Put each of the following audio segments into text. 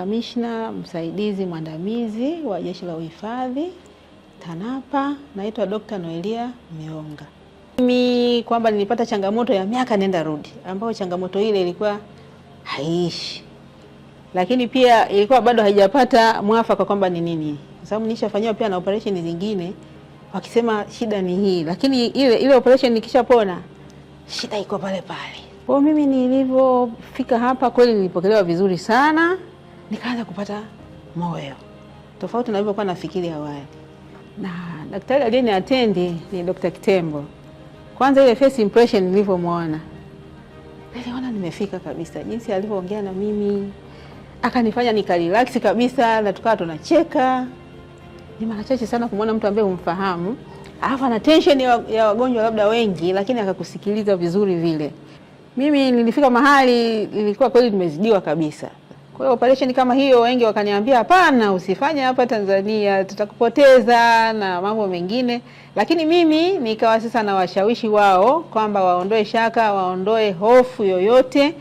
kamishna msaidizi mwandamizi wa jeshi la uhifadhi TANAPA. Naitwa Dr. Noelia Mionga. Mimi kwamba nilipata changamoto ya miaka nenda rudi, ambayo changamoto ile ilikuwa haiishi, lakini pia ilikuwa bado haijapata mwafaka kwamba ni nini, kwa sababu nishafanyiwa pia na operation zingine, wakisema shida ni hii, lakini ile ile operation nikishapona shida iko pale pale. Kwa mimi nilivyofika hapa, kweli nilipokelewa vizuri sana nikaanza kupata moyo tofauti nilivyokuwa nafikiri awali. Na daktari aliyeniatendi ni Dr. Kitembo. Kwanza ile first impression nilivyomwona, niliona nimefika kabisa. Jinsi alivyoongea na mimi akanifanya nikarelax kabisa, na tukawa tunacheka. Ni mara chache sana kumwona mtu ambaye humfahamu alafu ana tension ya wagonjwa labda wengi, lakini akakusikiliza vizuri vile. Mimi nilifika mahali nilikuwa kweli nimezidiwa kabisa. Kwa hiyo operation kama hiyo, wengi wakaniambia hapana, usifanye hapa Tanzania, tutakupoteza na mambo mengine, lakini mimi nikawa sasa na washawishi wao kwamba waondoe shaka, waondoe hofu yoyote.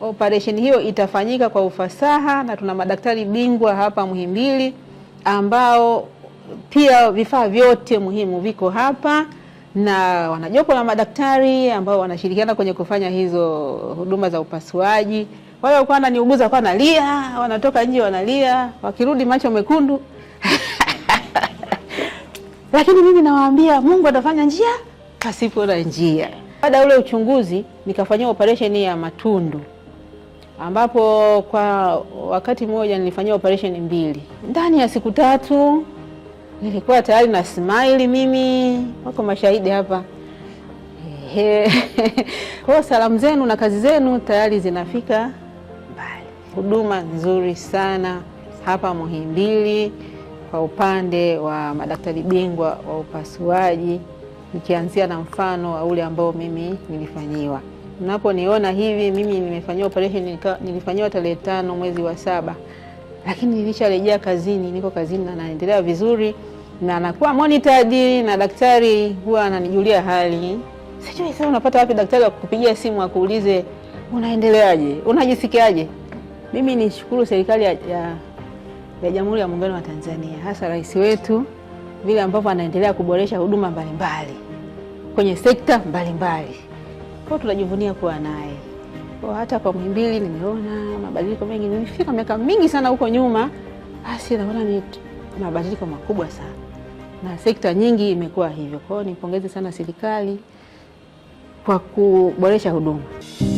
Operation hiyo itafanyika kwa ufasaha na tuna madaktari bingwa hapa Muhimbili ambao pia vifaa vyote muhimu viko hapa na wanajopo la madaktari ambao wanashirikiana kwenye kufanya hizo huduma za upasuaji. Kwa hiyo kwa ananiuguza analia, wanatoka nje wanalia, wakirudi macho mekundu lakini mimi nawaambia Mungu atafanya njia pasipo na njia. Baada ya ule uchunguzi, nikafanyia operesheni ya matundu, ambapo kwa wakati mmoja nilifanyia operesheni mbili ndani ya siku tatu. Nilikuwa tayari na smile, mimi wako mashahidi hapa kwao. Salamu zenu na kazi zenu tayari zinafika huduma nzuri sana hapa Muhimbili kwa upande wa madaktari bingwa wa upasuaji, nikianzia na mfano wa ule ambao mimi nilifanyiwa. Mnaponiona hivi, mimi nimefanyiwa operesheni, nilifanyiwa tarehe tano mwezi wa saba, lakini nilisharejea kazini, niko kazini na naendelea vizuri na nakuwa monitored na daktari huwa ananijulia hali. Sijui sasa unapata wapi daktari akupigia simu akuulize unaendeleaje, unajisikiaje? Mimi nishukuru serikali ya, ya, ya Jamhuri ya Muungano wa Tanzania, hasa rais wetu vile ambavyo anaendelea kuboresha huduma mbalimbali kwenye sekta mbalimbali kwao, tunajivunia kuwa naye. Kwa hata kwa Muhimbili nimeona mabadiliko mengi, nimefika miaka mingi sana huko nyuma, basi naona ni mabadiliko makubwa sana na sekta nyingi imekuwa hivyo. Kwao nipongeze sana serikali kwa kuboresha huduma.